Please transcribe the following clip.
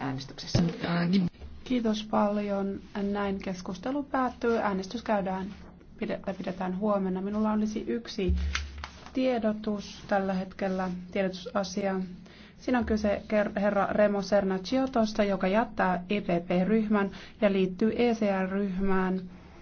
äänestyksessä. Kiitos paljon. Näin keskustelu päättyy. Äänestys käydään pidetään huomenna. Minulla olisi yksi tiedotus tällä hetkellä, tiedotusasia. Siinä on kyse herra Remo Sernaciotosta, joka jättää EPP-ryhmän ja liittyy ECR-ryhmään.